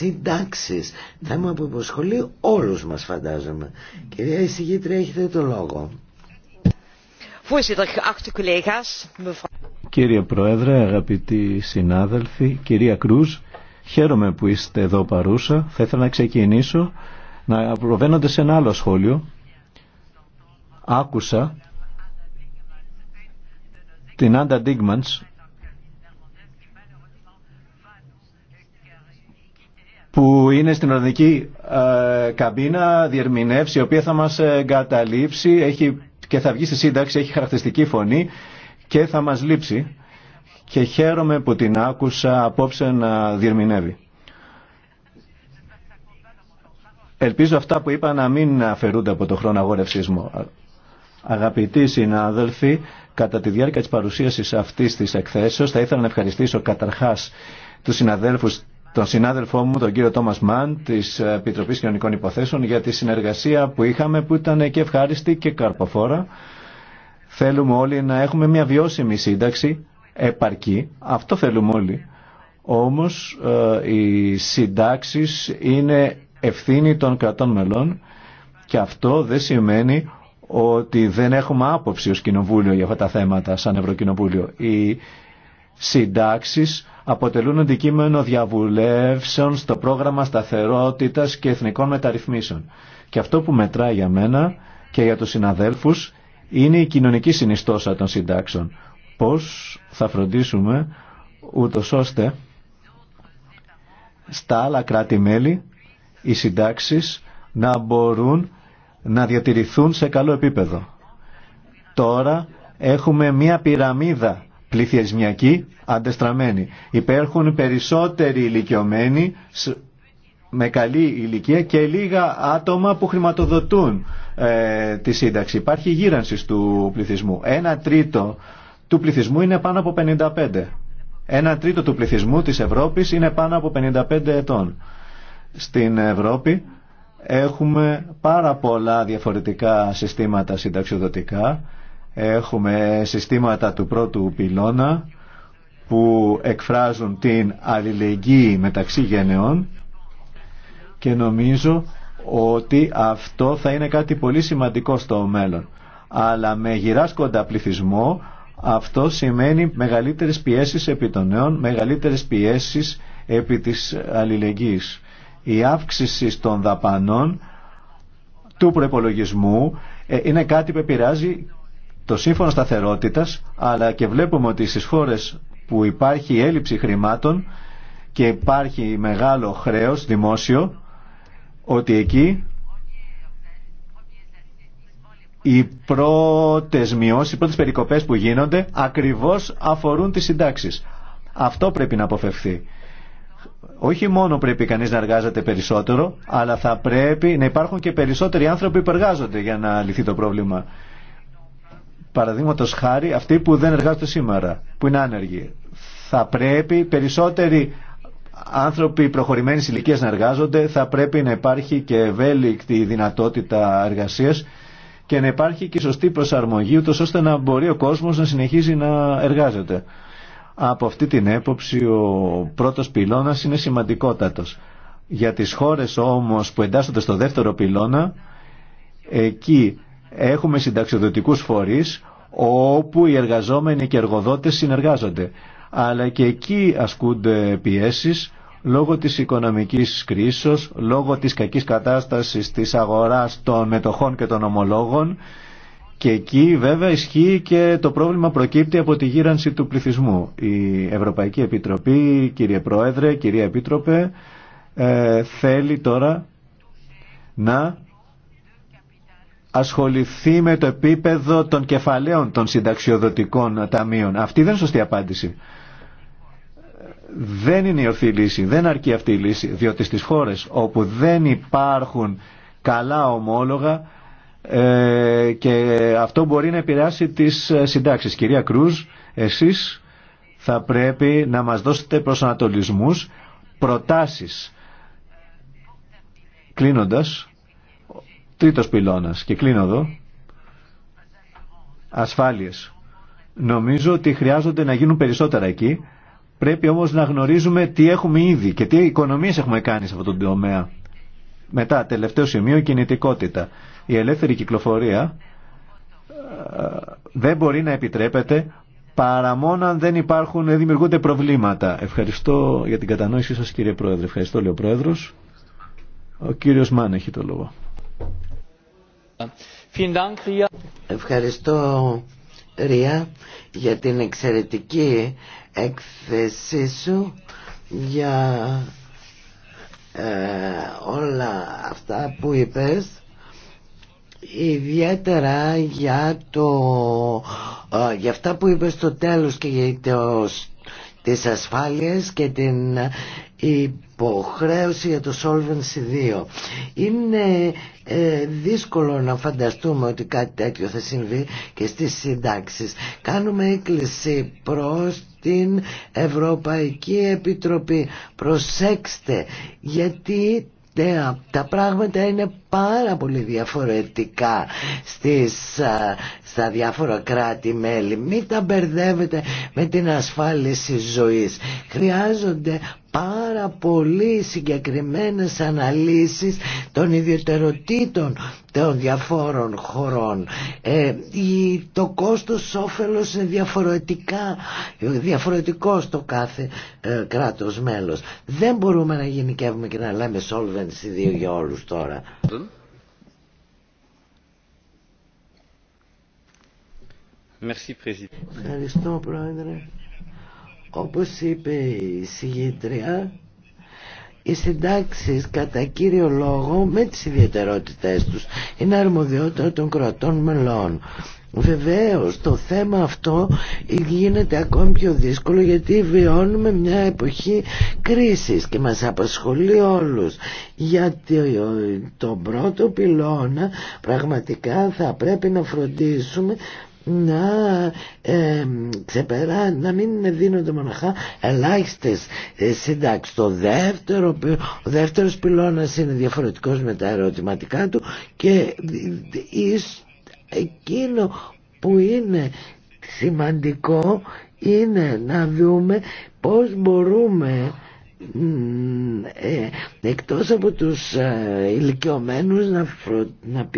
συντάξεις. Θέμα που υποσχολεί όλους μας φαντάζομαι. Κυρία Εισηγήτρια έχετε το λόγο. Κύριε Πρόεδρε, αγαπητοί συνάδελφοι, κυρία Κρούζ, χαίρομαι που είστε εδώ παρούσα. Θα ήθελα να ξεκινήσω να προβαίνονται σε ένα άλλο σχόλιο. Άκουσα την Άντα Ντίγμαντς που είναι στην ορδική ε, καμπίνα διερμηνεύσει, η οποία θα μας εγκαταλείψει έχει, και θα βγει στη σύνταξη, έχει χαρακτηριστική φωνή και θα μας λείψει. Και χαίρομαι που την άκουσα απόψε να διερμηνεύει. Ελπίζω αυτά που είπα να μην αφαιρούνται από το χρόνο αγόρευσής μου. Αγαπητοί συνάδελφοι, κατά τη διάρκεια της παρουσίασης αυτής της εκθέσεως θα ήθελα να ευχαριστήσω καταρχάς τους συναδέλφους τον συνάδελφό μου, τον κύριο Τόμας Μαν, της Επιτροπής Κοινωνικών Υποθέσεων, για τη συνεργασία που είχαμε, που ήταν και ευχάριστη και καρποφόρα. Θέλουμε όλοι να έχουμε μια βιώσιμη σύνταξη, επαρκή, αυτό θέλουμε όλοι. Όμως ε, οι συντάξεις είναι ευθύνη των κρατών μελών και αυτό δεν σημαίνει ότι δεν έχουμε άποψη ως Κοινοβούλιο για αυτά τα θέματα σαν Ευρωκοινοβούλιο. Η συντάξεις αποτελούν αντικείμενο διαβουλεύσεων στο πρόγραμμα σταθερότητας και εθνικών μεταρρυθμίσεων. Και αυτό που μετράει για μένα και για τους συναδέλφους είναι η κοινωνική συνιστόσα των συντάξεων. Πώς θα φροντίσουμε ούτω ώστε στα άλλα κράτη-μέλη οι συντάξεις να μπορούν να διατηρηθούν σε καλό επίπεδο. Τώρα έχουμε μία πυραμίδα πληθυσμιακοί, αντεστραμμένη. Υπέρχουν περισσότεροι ηλικιωμένοι με καλή ηλικία και λίγα άτομα που χρηματοδοτούν ε, τη σύνταξη. Υπάρχει γύρανση του πληθυσμού. Ένα τρίτο του πληθυσμού είναι πάνω από 55. Ένα τρίτο του πληθυσμού της Ευρώπης είναι πάνω από 55 ετών. Στην Ευρώπη έχουμε πάρα πολλά διαφορετικά συστήματα συνταξιοδοτικά Έχουμε συστήματα του πρώτου πυλώνα που εκφράζουν την αλληλεγγύη μεταξύ γενεών και νομίζω ότι αυτό θα είναι κάτι πολύ σημαντικό στο μέλλον. Αλλά με γυράσκοντα πληθυσμό αυτό σημαίνει μεγαλύτερες πιέσεις επί των νέων, μεγαλύτερες πιέσεις επί της αλληλεγγύης. Η αύξηση των δαπανών του προπολογισμού ε, είναι κάτι που επηρεάζει το σύμφωνο σταθερότητας, αλλά και βλέπουμε ότι στις χώρες που υπάρχει έλλειψη χρημάτων και υπάρχει μεγάλο χρέος δημόσιο, ότι εκεί οι πρώτες μειώσεις, οι πρώτες περικοπές που γίνονται ακριβώς αφορούν τις συντάξεις. Αυτό πρέπει να αποφευθεί. Όχι μόνο πρέπει κανείς να εργάζεται περισσότερο, αλλά θα πρέπει να υπάρχουν και περισσότεροι άνθρωποι που εργάζονται για να λυθεί το πρόβλημα. Παραδείγματο χάρη αυτοί που δεν εργάζονται σήμερα, που είναι άνεργοι. Θα πρέπει περισσότεροι άνθρωποι προχωρημένης ηλικία να εργάζονται, θα πρέπει να υπάρχει και ευέλικτη δυνατότητα εργασία και να υπάρχει και σωστή προσαρμογή, ούτω ώστε να μπορεί ο κόσμος να συνεχίζει να εργάζεται. Από αυτή την έποψη ο πρώτος πυλώνας είναι σημαντικότατος. Για τις χώρες όμως που εντάσσονται στο δεύτερο πυλώνα, εκεί Έχουμε συνταξιοδοτικούς φορείς όπου οι εργαζόμενοι και οι εργοδότες συνεργάζονται. Αλλά και εκεί ασκούνται πιέσεις λόγω της οικονομικής κρίσης, λόγω της κακής κατάστασης της αγοράς των μετοχών και των ομολόγων και εκεί βέβαια ισχύει και το πρόβλημα προκύπτει από τη γύρανση του πληθυσμού. Η Ευρωπαϊκή Επιτροπή, κύριε Πρόεδρε, κυρία Επίτροπε, ε, θέλει τώρα να ασχοληθεί με το επίπεδο των κεφαλαίων των συνταξιοδοτικών ταμείων. Αυτή δεν είναι σωστή απάντηση. Δεν είναι η ορθή λύση, δεν αρκεί αυτή η λύση, διότι στις χώρες όπου δεν υπάρχουν καλά ομόλογα ε, και αυτό μπορεί να επηρεάσει τις συντάξεις. Κυρία Κρούζ, εσείς θα πρέπει να μας δώσετε προσανατολισμούς, προτάσεις. Κλείνοντας, Τρίτος πυλώνας, και κλείνω εδώ, ασφάλειες. Νομίζω ότι χρειάζονται να γίνουν περισσότερα εκεί. Πρέπει όμως να γνωρίζουμε τι έχουμε ήδη και τι οικονομίες έχουμε κάνει σε αυτόν τον τομέα. Μετά, τελευταίο σημείο, η κινητικότητα. Η ελεύθερη κυκλοφορία ε, δεν μπορεί να επιτρέπεται παρά μόνο αν δεν υπάρχουν, δεν δημιουργούνται προβλήματα. Ευχαριστώ για την κατανόησή σας κύριε Πρόεδρε. Ευχαριστώ λέει ο Πρόεδρος. Ο κύριος Μάν έχει το λόγο. Ευχαριστώ Ρία για την εξαιρετική έκθεσή σου για ε, όλα αυτά που είπες ιδιαίτερα για, το, ε, αυτά που είπες στο τέλος και για το τις ασφάλειες και την υποχρέωση για το Solvency 2. Είναι ε, δύσκολο να φανταστούμε ότι κάτι τέτοιο θα συμβεί και στις συντάξεις. Κάνουμε έκκληση προς την Ευρωπαϊκή Επιτροπή. Προσέξτε γιατί ναι, τα πράγματα είναι πάρα πολύ διαφορετικά στις, στα διάφορα κράτη-μέλη. Μην τα μπερδεύετε με την ασφάλιση ζωής. Χρειάζονται πάρα πολύ συγκεκριμένες αναλύσεις των ιδιαιτεροτήτων των διαφόρων χωρών. Ε, το κόστος όφελος είναι διαφορετικά, διαφορετικό στο κάθε ε, κράτος μέλος. Δεν μπορούμε να γενικεύουμε και να λέμε solvency δύο για όλους τώρα. Ευχαριστώ Πρόεδρε. Όπως είπε η συγγήτρια, οι συντάξει κατά κύριο λόγο με τις ιδιαιτερότητές τους είναι αρμοδιότητα των κρατών μελών. Βεβαίως το θέμα αυτό γίνεται ακόμη πιο δύσκολο γιατί βιώνουμε μια εποχή κρίσης και μας απασχολεί όλους γιατί τον πρώτο πυλώνα πραγματικά θα πρέπει να φροντίσουμε να ε, να μην δίνονται μοναχά ελάχιστες ε, συντάξεις. Το δεύτερο, ο δεύτερος πυλώνας είναι διαφορετικός με τα ερωτηματικά του και εκείνο που είναι σημαντικό είναι να δούμε πώς μπορούμε ε, εκτός από τους ε, ηλικιωμένους να, φρο... να,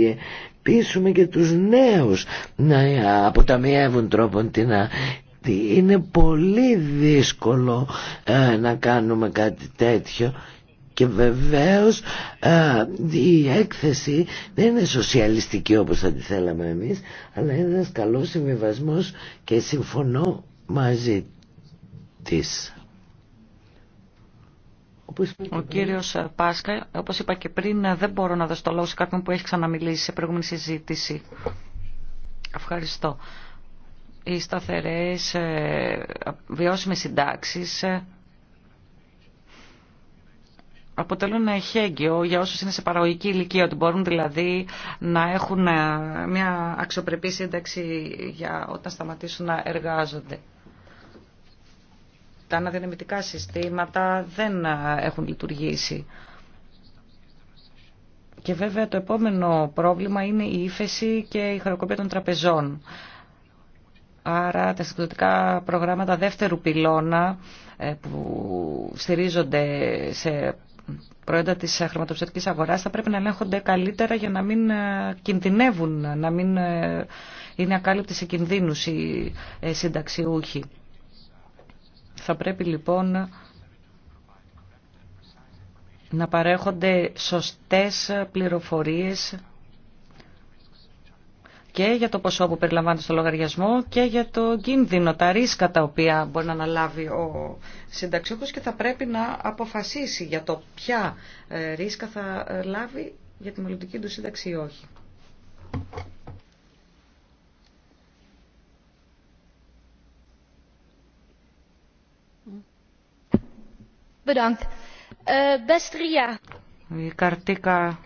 πείσουμε και τους νέους να αποταμιεύουν τρόπον την είναι πολύ δύσκολο ε, να κάνουμε κάτι τέτοιο και βεβαίως ε, η έκθεση δεν είναι σοσιαλιστική όπως θα τη θέλαμε εμείς αλλά είναι ένας καλός συμβιβασμός και συμφωνώ μαζί της. Ο κύριο ε, Πάσκα, όπω είπα και πριν, ε, δεν μπορώ να δώσω το λόγο σε κάποιον που έχει ξαναμιλήσει σε προηγούμενη συζήτηση. Ευχαριστώ. Οι σταθερές ε, βιώσιμε συντάξει, αποτελούν εχέγγυο για όσους είναι σε παραγωγική ηλικία, ότι μπορούν δηλαδή να έχουν μια αξιοπρεπή σύνταξη για όταν σταματήσουν να εργάζονται τα αναδυναμητικά συστήματα δεν έχουν λειτουργήσει. Και βέβαια το επόμενο πρόβλημα είναι η ύφεση και η χρεοκοπία των τραπεζών. Άρα τα συγκεκριτικά προγράμματα δεύτερου πυλώνα ε, που στηρίζονται σε προϊόντα της χρηματοψηφιακής αγοράς θα πρέπει να ελέγχονται καλύτερα για να μην ε, κινδυνεύουν, να μην ε, είναι ακάλυπτοι σε κινδύνους οι συνταξιούχοι. Θα πρέπει λοιπόν να παρέχονται σωστές πληροφορίες και για το ποσό που περιλαμβάνεται στο λογαριασμό και για το κίνδυνο, τα ρίσκα τα οποία μπορεί να αναλάβει ο συνταξιούχος και θα πρέπει να αποφασίσει για το ποια ε, ρίσκα θα ε, λάβει για τη μελλοντική του σύνταξη ή όχι. Eh, η Καρτίκα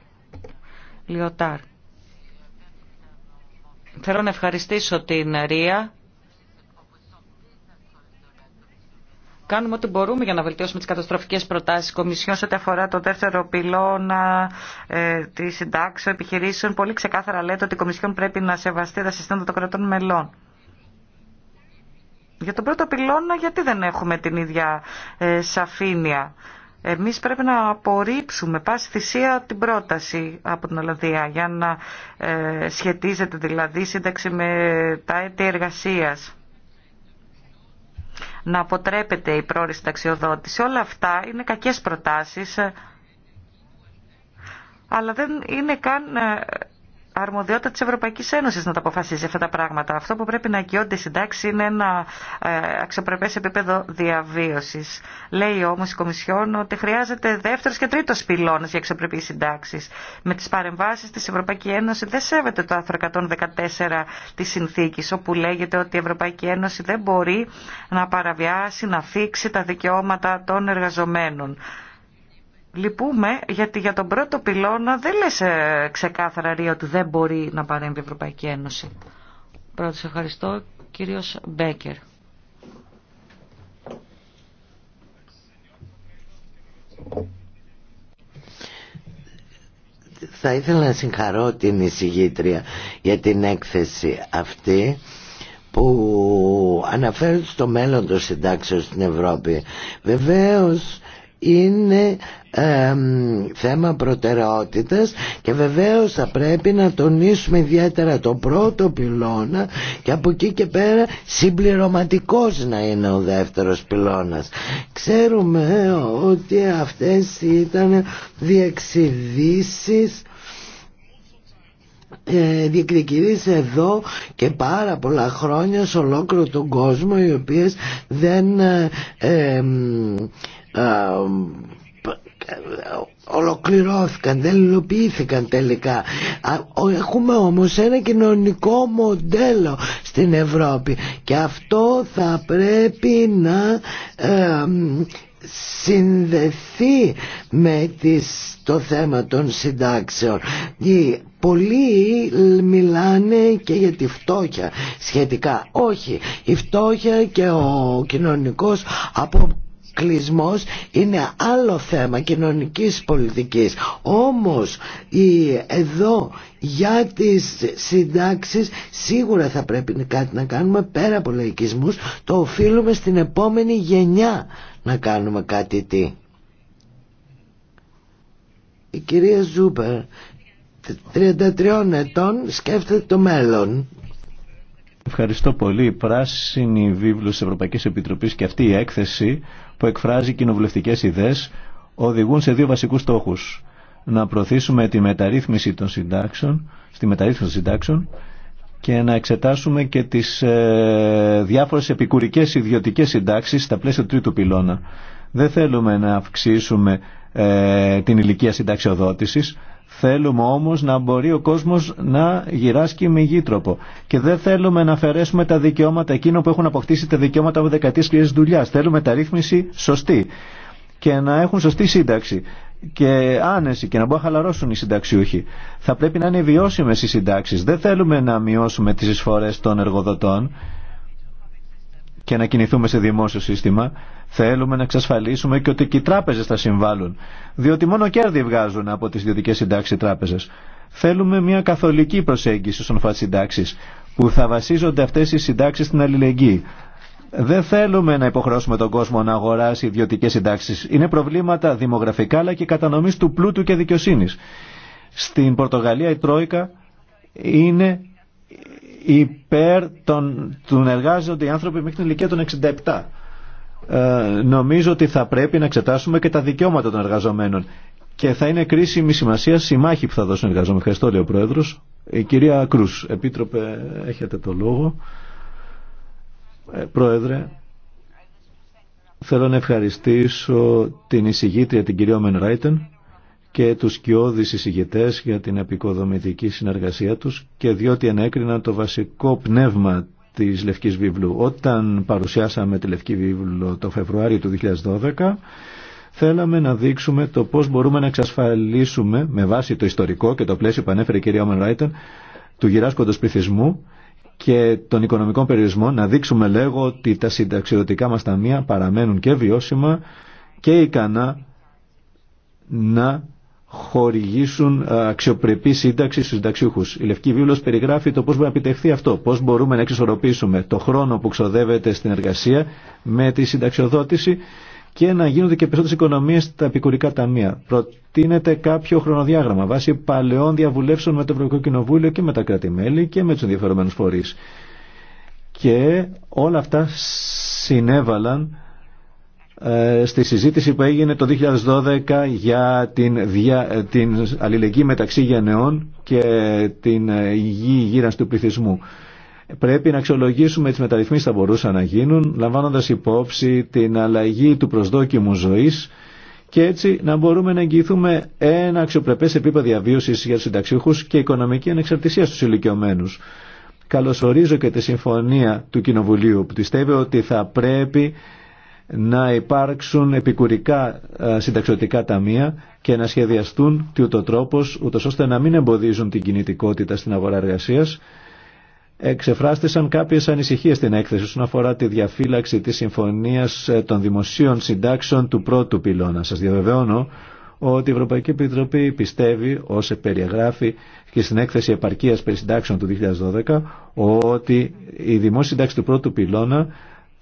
Λιωτάρ. Θέλω να ευχαριστήσω την Ρία. Κάνουμε ό,τι μπορούμε για να βελτιώσουμε τις καταστροφικές προτάσεις Κομισιόν σε ό,τι αφορά το δεύτερο πυλώνα ε, τη συντάξεων επιχειρήσεων. Πολύ ξεκάθαρα λέτε ότι η Κομισιόν πρέπει να σεβαστεί τα συστήματα των κρατών μελών. Για τον πρώτο πυλώνα γιατί δεν έχουμε την ίδια ε, σαφήνεια. Εμείς πρέπει να απορρίψουμε πάση θυσία την πρόταση από την Ολλανδία για να ε, σχετίζεται δηλαδή σύνταξη με τα έτη εργασίας να αποτρέπεται η πρόορη συνταξιοδότηση. Όλα αυτά είναι κακές προτάσεις, ε, αλλά δεν είναι καν αρμοδιότητα της Ευρωπαϊκής Ένωσης να τα αποφασίζει αυτά τα πράγματα. Αυτό που πρέπει να αγκιόνται οι συντάξει είναι ένα ε, αξιοπρεπές επίπεδο διαβίωσης. Λέει όμως η Κομισιόν ότι χρειάζεται δεύτερος και τρίτος πυλώνας για αξιοπρεπείς συντάξεις. Με τις παρεμβάσεις της Ευρωπαϊκή Ένωση δεν σέβεται το άρθρο 114 της συνθήκης όπου λέγεται ότι η Ευρωπαϊκή Ένωση δεν μπορεί να παραβιάσει, να θίξει τα δικαιώματα των εργαζομένων. Λυπούμε γιατί για τον πρώτο πυλώνα δεν λες ε, ξεκάθαρα ρία ότι δεν μπορεί να παρέμβει η Ευρωπαϊκή Ένωση. Πρώτος ευχαριστώ κύριος Μπέκερ. Θα ήθελα να συγχαρώ την εισηγήτρια για την έκθεση αυτή που αναφέρει στο μέλλον των συντάξεων στην Ευρώπη. Βεβαίως είναι θέμα προτεραιότητας και βεβαίως θα πρέπει να τονίσουμε ιδιαίτερα το πρώτο πυλώνα και από εκεί και πέρα συμπληρωματικός να είναι ο δεύτερος πυλώνας. Ξέρουμε ότι αυτές ήταν διεξιδήσεις ε, διεκδικηθεί εδώ και πάρα πολλά χρόνια σε ολόκληρο τον κόσμο οι οποίες δεν ε, ε, ολοκληρώθηκαν, δεν υλοποιήθηκαν τελικά. Έχουμε όμως ένα κοινωνικό μοντέλο στην Ευρώπη και αυτό θα πρέπει να συνδεθεί με τις, το θέμα των συντάξεων. πολλοί μιλάνε και για τη φτώχεια σχετικά. Όχι, η φτώχεια και ο κοινωνικός από είναι άλλο θέμα κοινωνικής πολιτικής. Όμως εδώ για τις συντάξεις σίγουρα θα πρέπει κάτι να κάνουμε πέρα από λαϊκισμούς. Το οφείλουμε στην επόμενη γενιά να κάνουμε κάτι τι. Η κυρία Ζούπερ 33 ετών σκέφτεται το μέλλον. Ευχαριστώ πολύ. Η πράσινη βίβλος της Ευρωπαϊκής Επιτροπής και αυτή η έκθεση που εκφράζει κοινοβουλευτικέ ιδέε οδηγούν σε δύο βασικού στόχου. Να προωθήσουμε τη μεταρρύθμιση των συντάξεων, στη μεταρρύθμιση των συντάξεων και να εξετάσουμε και τις ε, διάφορες επικουρικές ιδιωτικές συντάξεις στα πλαίσια του τρίτου πυλώνα. Δεν θέλουμε να αυξήσουμε ε, την ηλικία συνταξιοδότηση, Θέλουμε όμως να μπορεί ο κόσμος να γυράσκει με γήτροπο. Και δεν θέλουμε να αφαιρέσουμε τα δικαιώματα εκείνων που έχουν αποκτήσει τα δικαιώματα από δεκαετίες δουλειά. Θέλουμε τα ρύθμιση σωστή και να έχουν σωστή σύνταξη και άνεση και να μπορούν να χαλαρώσουν οι συνταξιούχοι. Θα πρέπει να είναι βιώσιμες οι συντάξεις. Δεν θέλουμε να μειώσουμε τις εισφορές των εργοδοτών και να κινηθούμε σε δημόσιο σύστημα, θέλουμε να εξασφαλίσουμε και ότι και οι τράπεζε θα συμβάλλουν. Διότι μόνο κέρδη βγάζουν από τι ιδιωτικέ συντάξει τράπεζε. Θέλουμε μια καθολική προσέγγιση στον φάτ συντάξει, που θα βασίζονται αυτέ οι συντάξει στην αλληλεγγύη. Δεν θέλουμε να υποχρεώσουμε τον κόσμο να αγοράσει ιδιωτικέ συντάξει. Είναι προβλήματα δημογραφικά αλλά και κατανομή του πλούτου και δικαιοσύνη. Στην Πορτογαλία η Τρόικα είναι υπέρ των, των εργάζονται οι άνθρωποι μέχρι την ηλικία των 67. Ε, νομίζω ότι θα πρέπει να εξετάσουμε και τα δικαιώματα των εργαζομένων. Και θα είναι κρίσιμη σημασία η μάχη που θα δώσουν οι εργαζόμενοι. Ευχαριστώ, λέει ο Πρόεδρο. Η ε, κυρία Κρού, Επίτροπε, έχετε το λόγο. Ε, πρόεδρε, θέλω να ευχαριστήσω την εισηγήτρια, την κυρία Μενράιτεν και τους σκιώδεις εισηγητές για την επικοδομητική συνεργασία τους και διότι ενέκριναν το βασικό πνεύμα της Λευκής Βίβλου. Όταν παρουσιάσαμε τη Λευκή Βίβλο το Φεβρουάριο του 2012, θέλαμε να δείξουμε το πώς μπορούμε να εξασφαλίσουμε με βάση το ιστορικό και το πλαίσιο που ανέφερε η κυρία Όμεν του γυράσκοντος πληθυσμού και των οικονομικών περιορισμών να δείξουμε λέγω ότι τα συνταξιδοτικά μας ταμεία παραμένουν και βιώσιμα και ικανά να χορηγήσουν ε, αξιοπρεπή σύνταξη στους συνταξιούχους. Η Λευκή Βίβλος περιγράφει το πώς μπορεί να επιτευχθεί αυτό, πώς μπορούμε να εξισορροπήσουμε το χρόνο που ξοδεύεται στην εργασία με τη συνταξιοδότηση και να γίνονται και περισσότερες οικονομίες στα επικουρικά ταμεία. Προτείνεται κάποιο χρονοδιάγραμμα βάσει παλαιών διαβουλεύσεων με το Ευρωπαϊκό Κοινοβούλιο και με τα κράτη-μέλη και με τους ενδιαφερομένους φορείς. Και όλα αυτά συνέβαλαν ε, στη συζήτηση που έγινε το 2012 για την, δια, αλληλεγγύη μεταξύ γενεών και την ε, υγιή γύρανση του πληθυσμού. Πρέπει να αξιολογήσουμε τις μεταρρυθμίσεις που θα μπορούσαν να γίνουν, λαμβάνοντας υπόψη την αλλαγή του προσδόκιμου ζωής και έτσι να μπορούμε να εγγυηθούμε ένα αξιοπρεπές επίπεδο διαβίωσης για τους συνταξιούχους και οικονομική ανεξαρτησία στους ηλικιωμένους. Καλωσορίζω και τη συμφωνία του Κοινοβουλίου που πιστεύει ότι θα πρέπει να υπάρξουν επικουρικά ε, συνταξιωτικά ταμεία και να σχεδιαστούν του το τρόπος, ούτως ώστε να μην εμποδίζουν την κινητικότητα στην αγορά εργασία. Εξεφράστησαν κάποιε ανησυχίε στην έκθεση όσον αφορά τη διαφύλαξη τη συμφωνία ε, των δημοσίων συντάξεων του πρώτου πυλώνα. Σα διαβεβαιώνω ότι η Ευρωπαϊκή Επιτροπή πιστεύει, όσο περιεγράφει και στην έκθεση επαρκείας περί συντάξεων του 2012, ότι η δημόσια συντάξη του πρώτου πυλώνα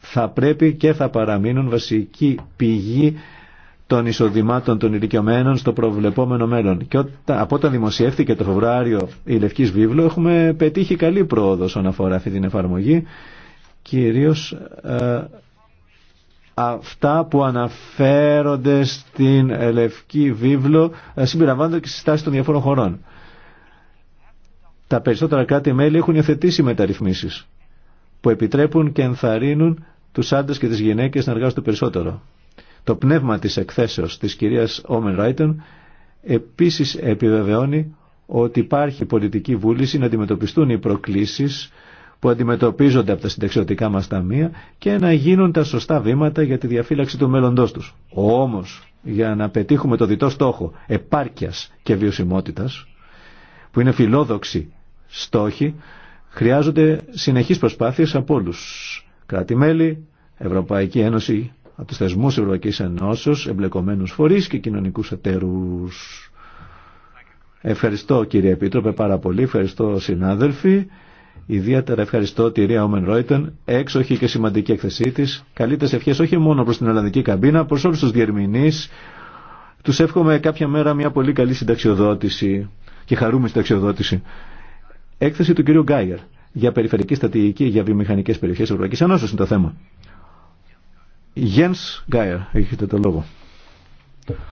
θα πρέπει και θα παραμείνουν βασική πηγή των εισοδημάτων των ηλικιωμένων στο προβλεπόμενο μέλλον. Και από όταν δημοσιεύθηκε το Φεβρουάριο η Λευκής Βίβλο έχουμε πετύχει καλή πρόοδο όσον αφορά αυτή την εφαρμογή κυρίως ε, αυτά που αναφέρονται στην Λευκή Βίβλο ε, συμπεριλαμβάνονται και στάσεις των διαφόρων χωρών. Τα περισσότερα κράτη-μέλη έχουν υιοθετήσει μεταρρυθμίσεις που επιτρέπουν και ενθαρρύνουν τους άντρες και τις γυναίκες να εργάζονται περισσότερο. Το πνεύμα της εκθέσεως της κυρίας Όμεν Ράιτον επίσης επιβεβαιώνει ότι υπάρχει πολιτική βούληση να αντιμετωπιστούν οι προκλήσεις που αντιμετωπίζονται από τα συνταξιωτικά μας ταμεία και να γίνουν τα σωστά βήματα για τη διαφύλαξη του μέλλοντός τους. Όμως, για να πετύχουμε το διτό στόχο επάρκειας και βιωσιμότητας, που είναι φιλόδοξη στόχη, χρειάζονται συνεχείς προσπάθειες από όλους κράτη-μέλη, Ευρωπαϊκή Ένωση, από τους θεσμούς Ευρωπαϊκής Ενώσεως, εμπλεκομένους φορείς και κοινωνικούς εταίρους. Ευχαριστώ κύριε Επίτροπε πάρα πολύ, ευχαριστώ συνάδελφοι. Ιδιαίτερα ευχαριστώ τη Ρία Όμεν Ρόιτεν, έξοχη και σημαντική έκθεσή τη. Καλύτερε ευχέ όχι μόνο προ την Ολλανδική καμπίνα, προ όλου του διερμηνεί. Του εύχομαι κάποια μέρα μια πολύ καλή συνταξιοδότηση και χαρούμενη συνταξιοδότηση. Έκθεση του κυρίου Γκάιερ για περιφερειακή στρατηγική για βιομηχανικές περιοχές Ευρωπαϊκή Ένωση είναι το θέμα. Γιέν Γκάιερ, έχετε το λόγο.